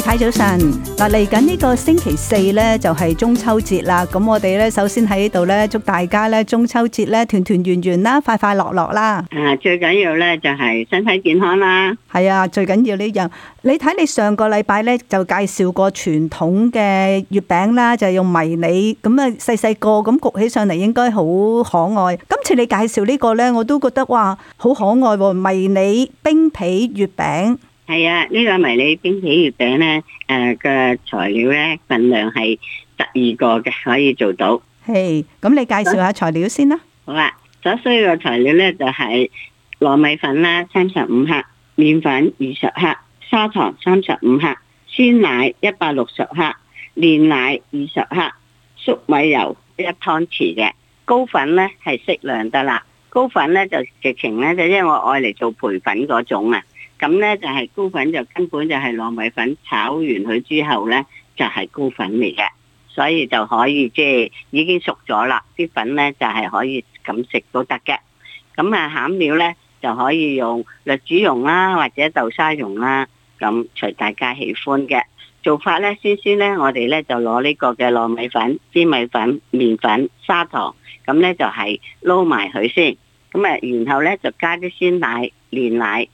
睇早晨嗱，嚟緊呢個星期四呢，就係中秋節啦。咁我哋呢，首先喺呢度呢，祝大家呢中秋節呢團團圓圓啦，快快樂樂啦。啊，最緊要呢，就係身體健康啦。係啊，最緊要呢樣。你睇你上個禮拜呢，就介紹過傳統嘅月餅啦，就用迷你咁啊細細個咁焗起上嚟應該好可愛。今次你介紹呢個呢，我都覺得哇好可愛，迷你冰皮月餅。係啊，呢、這個迷你冰皮月餅呢，誒嘅材料呢份量，係十二個嘅，可以做到。係，咁你介紹下材料先啦。好啊，所需要嘅材料呢就係糯米粉啦，三十五克，麵粉二十克，砂糖三十五克，酸奶一百六十克，煉奶二十克，粟米油一湯匙嘅，高粉呢，係適量得啦。高粉呢，就直情呢，就因為我愛嚟做培粉嗰種啊。咁呢就係糕粉，就根本就係糯米粉炒完佢之後呢，就係糕粉嚟嘅，所以就可以即係已經熟咗啦，啲粉呢，就係可以咁食都得嘅。咁啊餡料呢，就可以用栗子蓉啦，或者豆沙蓉啦，咁隨大家喜歡嘅做法呢，先先呢，我哋呢，就攞呢個嘅糯米粉、芝麻粉、麵粉、砂糖，咁呢，就係撈埋佢先，咁啊，然後呢，就加啲鮮奶、煉奶。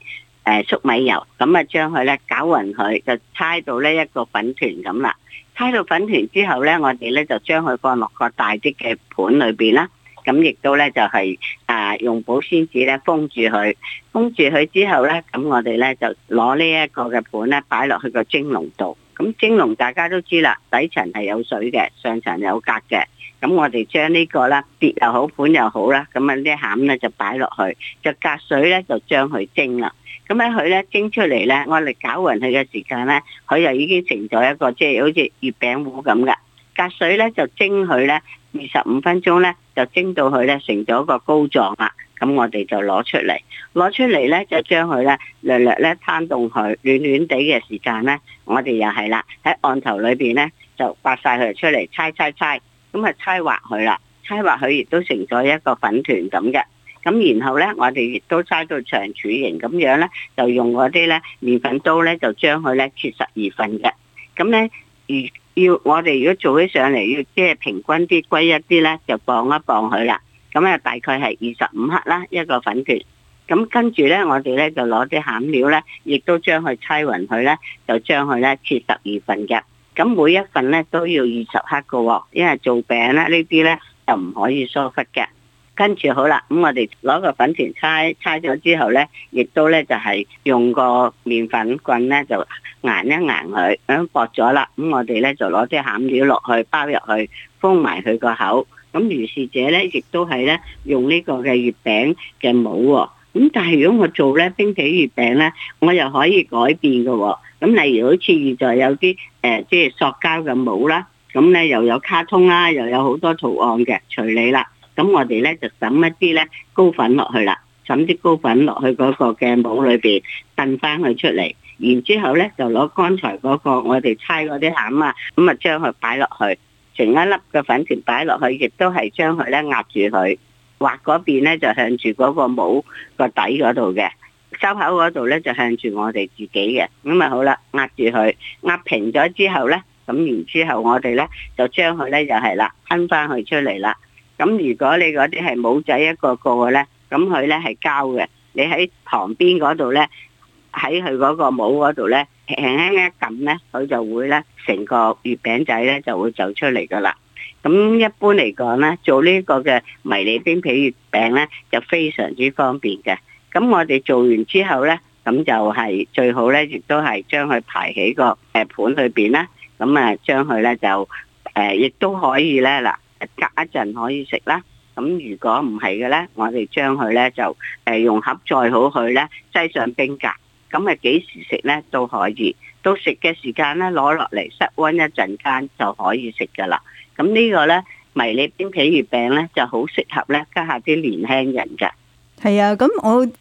誒、嗯，粟米油咁啊，將佢咧攪勻佢，就搓到呢一個粉糰咁啦。搓到粉糰之後咧，我哋咧就將佢放落個大啲嘅盤裏邊啦。咁亦都咧就係啊，用保鮮紙咧封住佢，封住佢之後咧，咁我哋咧就攞呢一個嘅盤咧擺落去個蒸籠度。咁蒸籠大家都知啦，底層係有水嘅，上層有格嘅。咁我哋將呢個啦，碟又好，盤又好啦，咁啊啲餡咧就擺落去，就隔水咧就將佢蒸啦。咁喺佢咧蒸出嚟，咧我哋攪匀佢嘅時間咧，佢就已經成咗一個即係好似月餅糊咁噶。隔水咧就蒸佢咧，二十五分鐘咧就蒸到佢咧成咗個膏狀啦。咁我哋就攞出嚟，攞出嚟咧就將佢咧略略咧攤凍佢，暖暖地嘅時間咧，我哋又係啦喺案頭裏邊咧就刮晒佢出嚟，猜猜猜，猜。咁啊，搓滑佢啦，搓滑佢亦都成咗一個粉團咁嘅。咁然後咧，我哋亦都搓到長柱形咁樣咧，就用嗰啲咧麵粉刀咧，就將佢咧切十二份嘅。咁咧，如要，要我哋如果做起上嚟，要即係平均啲、歸一啲咧，就磅一磅佢啦。咁啊，大概係二十五克啦一個粉團。咁跟住咧，我哋咧就攞啲餡料咧，亦都將佢搓匀佢咧，就將佢咧切十二份嘅。咁每一份咧都要二十克嘅、哦，因為做餅咧、啊、呢啲咧就唔可以疏忽嘅。跟住好啦，咁我哋攞個粉團搓搓咗之後咧，亦都咧就係用個麵粉棍咧就捱一捱佢，咁、嗯、薄咗啦。咁我哋咧就攞啲餡料落去包入去，封埋佢個口。咁如是者咧，亦都係咧用呢個嘅月餅嘅模、哦。咁但係如果我做咧冰皮月餅咧，我又可以改變嘅喎、哦。咁例如好似現在有啲誒、呃，即係塑膠嘅帽啦，咁咧又有卡通啦，又有好多圖案嘅，隨你啦。咁我哋咧就揼一啲咧高粉落去啦，揼啲高粉落去嗰個嘅帽裏邊，揼翻佢出嚟。然之後咧就攞剛才嗰、那個我哋猜嗰啲餡啊，咁啊將佢擺落去，成一粒嘅粉團擺落去，亦都係將佢咧壓住佢。畫嗰邊咧就向住嗰個帽個底嗰度嘅收口嗰度咧就向住我哋自己嘅，咁咪好啦，壓住佢壓平咗之後咧，咁然之後我哋咧就將佢咧就係、是、啦，分翻佢出嚟啦。咁如果你嗰啲係帽仔一個個咧，咁佢咧係膠嘅，你喺旁邊嗰度咧，喺佢嗰個帽嗰度咧，輕輕一撳咧，佢就會咧成個月餅仔咧就會走出嚟噶啦。咁一般嚟講咧，做呢個嘅迷你冰皮月餅咧，就非常之方便嘅。咁我哋做完之後咧，咁就係最好咧，亦都係將佢排喺個誒盤裏邊啦。咁啊，將佢咧就誒，亦、呃、都可以咧嗱，隔一陣可以食啦。咁如果唔係嘅咧，我哋將佢咧就誒用盒載好佢咧，擠上冰格。咁啊，幾時食咧都可以，到食嘅時間咧攞落嚟室溫一陣間就可以食㗎喇。咁呢個呢迷你冰皮月餅呢就好適合呢家下啲年輕人㗎。係啊，咁我誒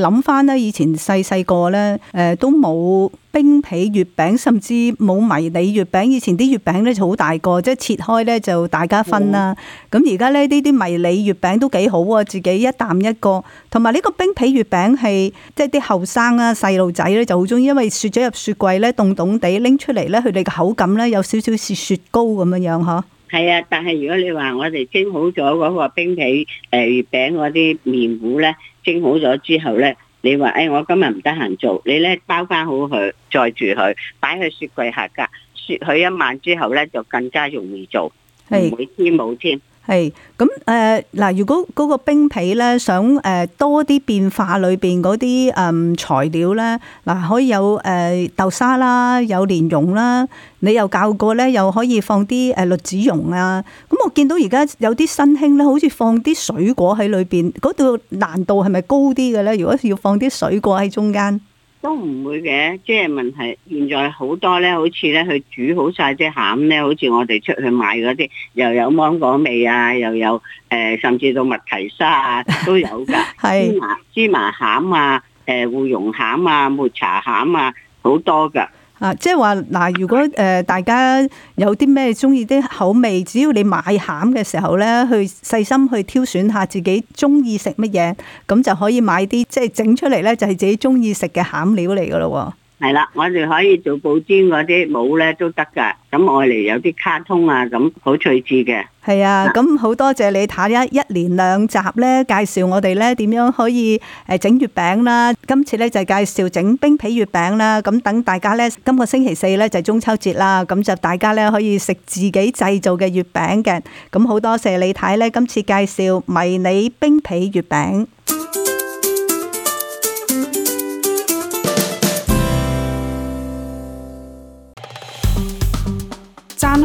諗翻咧，以前細細個咧，誒都冇冰皮月餅，甚至冇迷你月餅。以前啲月餅咧就好大個，即係切開咧就大家分啦。咁而家咧呢啲迷你月餅都幾好啊，自己一啖一個。同埋呢個冰皮月餅係即係啲後生啊細路仔咧就好中意，因為雪咗入雪櫃咧凍凍地拎出嚟咧，佢哋嘅口感咧有少少似雪糕咁樣樣嗬。係啊，但係如果你話我哋蒸好咗嗰個冰皮誒、呃、月餅嗰啲麵糊咧，蒸好咗之後咧，你話誒、哎、我今日唔得閒做，你咧包翻好佢，載住佢，擺去雪櫃下格，雪佢一晚之後咧，就更加容易做，係，每天冇添。係，咁誒嗱，如果嗰個冰皮咧，想誒多啲變化，裏邊嗰啲誒材料咧，嗱可以有誒豆沙啦，有蓮蓉啦，你又教過咧，又可以放啲誒栗子蓉啊，咁我見到而家有啲新興咧，好似放啲水果喺裏邊，嗰度難度係咪高啲嘅咧？如果要放啲水果喺中間？都唔會嘅，即係問題。現在好多咧，好似咧佢煮好曬隻餡咧，好似我哋出去買嗰啲，又有芒果味啊，又有誒，甚至到麥提沙啊都有㗎。係 是芝麻芝麻餡啊，誒芋蓉餡啊，抹茶餡啊，好多㗎。啊，即係話嗱，如果誒大家有啲咩中意啲口味，只要你買餡嘅時候呢，去細心去挑選下自己中意食乜嘢，咁就可以買啲即係整出嚟呢，就係自己中意食嘅餡料嚟噶咯。係啦，我哋可以做布丁嗰啲帽咧都得噶，咁外嚟，有啲卡通啊，咁好趣致嘅。係啊，咁好多謝你睇一一連兩集咧，介紹我哋咧點樣可以誒整月餅啦。今次咧就介紹整冰皮月餅啦，咁等大家咧今個星期四咧就中秋節啦，咁就大家咧可以食自己製造嘅月餅嘅。咁好多謝你睇咧，今次介紹迷你冰皮月餅。